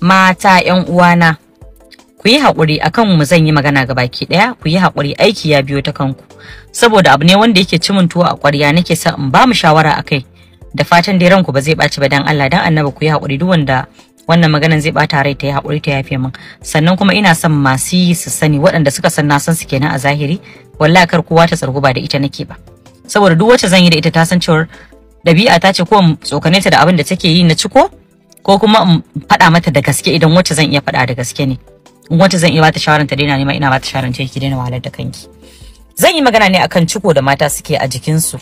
mata yan uwana ku yi haƙuri akan mu zan yi magana ga baki ɗaya ku yi haƙuri aiki ya biyo ta kanku saboda abu ne wanda yake cimin tuwo a ƙwarya nake sa in ba mu shawara kai, da fatan dai ranku ba zai ɓaci ba dan Allah dan annaba ku yi haƙuri duk wanda wannan maganan zai bata rai ta yi haƙuri ta yafe min sannan kuma ina son masu yi su sani waɗanda suka san na san su kenan a zahiri wallahi kar kowa ta tsargu ba da ita nake ba saboda duk wacce zan yi da ita ta san cewar dabi'a ta ce ko tsokane ta da abin da take yi na ciko ko kuma in faɗa mata da gaske idan wacce zan iya faɗa da gaske ne in wacce zan iya bata shawaran ta daina nema ina bata shawaran ta ki daina wahalar da kanki zan yi magana ne akan ciko da mata suke a jikinsu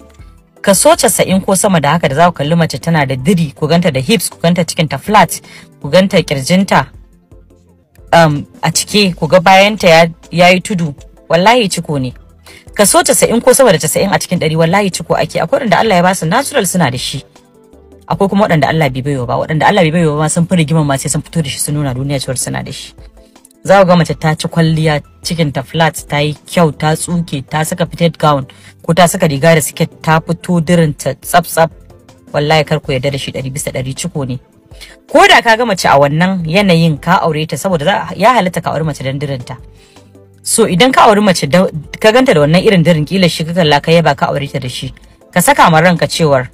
kaso casa'in ko sama da haka da za ku kalli mace tana da diri ku ganta da hips ku ganta cikinta flat ku ganta kirjinta um, a cike ku ga bayanta ya, ya yi tudu wallahi ciko ne kaso casa'in ko sama da casa'in a cikin ɗari wallahi ciko ake akwai da Allah ya basu natural suna da shi akwai kuma waɗanda Allah bai baiwa ba waɗanda Allah bai baiwa ba sun fi rigima ma sai sun fito da shi sun nuna duniya cewa suna da shi za ku ga mace ta ci kwalliya cikin ta flat ta yi kyau ta tsuke ta saka fitted gown ko ta saka riga da siket ta fito dirin ta tsaf wallahi kar ku yarda da shi ɗari bisa ɗari ciko ne ko da ka ga mace a wannan yanayin ka aure ta saboda ya halitta ka aure mace don dirinta so idan ka aure mace ka ganta da wannan irin dirin kila shi ka ka yaba ka aure ta da shi ka saka ma ranka cewar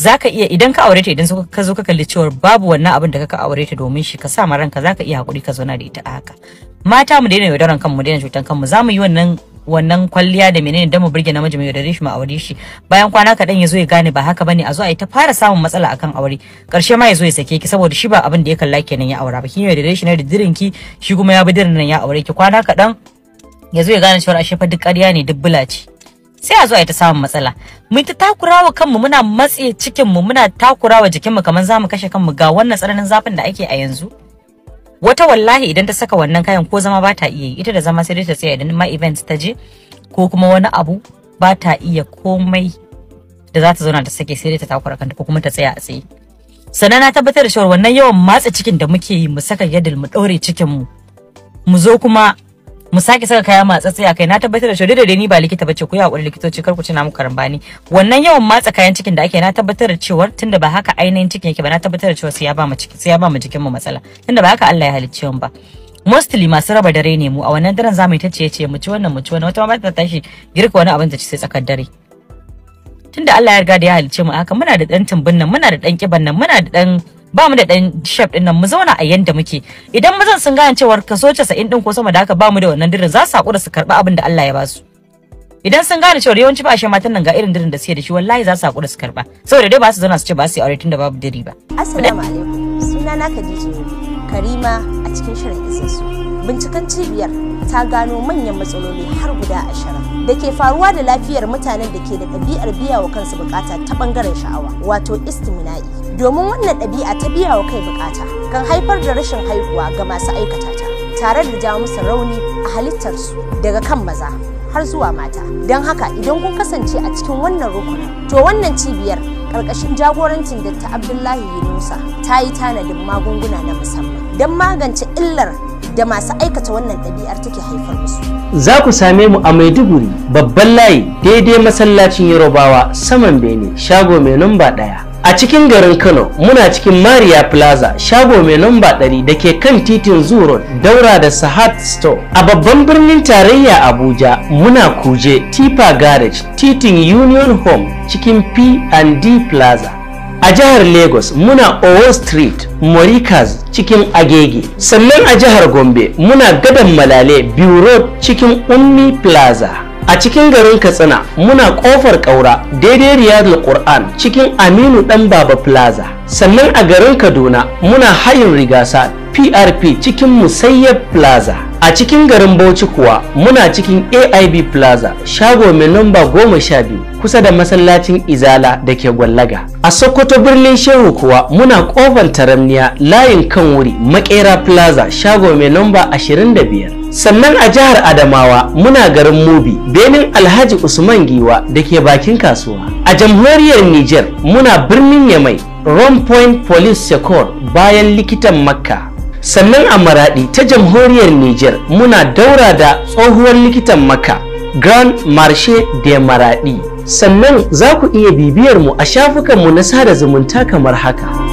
zaka iya idan ka aure ta idan ka zo ka kalli cewa babu wannan abin da ka aure ta domin shi ka sa ma ranka zaka iya hakuri ka zauna da ita a haka mata mu daina yaudaran kanmu mu daina cutan kanmu za mu yi wannan wannan kwalliya da menene dan mu burge namiji mu yaudare shi mu aure shi bayan kwana kaɗan ya zo ya gane ba haka bane a zo a yi ta fara samun matsala akan aure karshe ma ya zo ya sake ki saboda shi ba abin da ya kalla kenan ya aura ba kin yaudare shi na da ki shi kuma ya bi dirin nan ya aure ki kwana kaɗan ya zo ya gane cewa ashe fa duk ƙarya ne duk bula ce sai a zo a ta samun matsala mun ta takurawa kanmu muna matse cikinmu muna takurawa jikinmu kamar zamu kashe kanmu ga wannan tsananin zafin da ake a yanzu wata wallahi idan ta saka wannan kayan ko zama ba ta iya yi ita da zama sai dai ta tsaya idan ma event ta je ko kuma wani abu ba ta iya komai da za ta zauna ta sake sai dai ta takura kanta ko kuma ta tsaya a tsaye sannan na tabbatar da cewa wannan yawan matsa cikin da muke yi mu saka yadda mu cikin cikinmu mu zo kuma mu sake saka kaya matsatsi a kai na tabbatar da shi da ni ba likita bace ku yi hakuri likitoci kar ku ci namu karambani wannan yawan matsa kayan cikin da ake na tabbatar da cewa tunda ba haka ainihin cikin yake ba na tabbatar da cewa sai ya ba mu ciki sai ya ba mu jikin mu matsala tunda ba haka Allah ya halicce mu ba mostly masu raba dare ne mu a wannan daren zamu ta ce ce mu ci wannan mu ci wannan wata ma ba ta tashi girka wani abin da ci sai tsakar dare tunda Allah ya riga da ya halicce mu haka muna da dan tumbin nan muna da dan kiban nan muna da dan ba mu da dan shape din nan mu zauna a yanda muke idan mazan sun gane cewa kaso 90 din ko sama da haka ba mu da wannan dirin za su hakura su karba abin da Allah ya ba su idan sun gane cewa yawanci ba shi matan nan ga irin dirin da suke da shi wallahi za su hakura su karba saboda dai ba su zauna su ce ba su yi aure tunda babu diri ba assalamu alaikum sunana Khadija Karima a cikin shirin isinsu binciken cibiyar ta gano manyan matsaloli har guda ashirin da ke faruwa da lafiyar mutanen da ke da ɗabi'ar biya wa kansu bukata ta ɓangaren sha'awa wato istimina'i domin wannan ɗabi'a ta biya wa kai bukata kan haifar da rashin haihuwa ga masu aikata ta tare da jawo musu rauni a halittarsu daga kan maza har zuwa mata don haka idan kun kasance a cikin wannan rukunin to wannan cibiyar karkashin jagorancin datta abdullahi yunusa ta yi tanadin magunguna na musamman don magance illar da masu aikata wannan ɗabi'ar take haifar musu. Za ku same mu a Maiduguri babban layi daidai masallacin Yarobawa saman Bene shago mai namba ɗaya. A cikin garin Kano muna cikin Maria Plaza shago mai namba ɗari da ke kan titin Zuro daura da Sahat Store. A babban birnin tarayya Abuja muna kuje Tipa Garage titin Union Home cikin P&D Plaza. a jihar lagos muna owo street morikas cikin agege sannan a jihar gombe muna gadon malale biyu road cikin ummi plaza a cikin garin katsina muna kofar kaura daidai riyadul qur'an cikin aminu dan baba plaza sannan a garin kaduna muna hayin rigasa PRP cikin Musayyab Plaza. A cikin garin Bauchi kuwa muna cikin AIB Plaza shago mai namba goma sha biyu kusa da masallacin izala da ke gwallaga a sokoto birnin shehu kuwa muna kofar taramniya layin kan wuri makera plaza shago mai lamba 25 sannan a jihar adamawa muna garin mubi benin alhaji usman giwa da ke bakin kasuwa a jamhuriyar niger muna birnin yamai rome Point Police Secor bayan likitan Makka. Sannan a Maraɗi ta jamhuriyar Nijar muna daura da tsohuwar likitan Makka Grand Marche de Maraɗi. sannan za ku iya bibiyar mu a shafukanmu na sada zumunta kamar haka.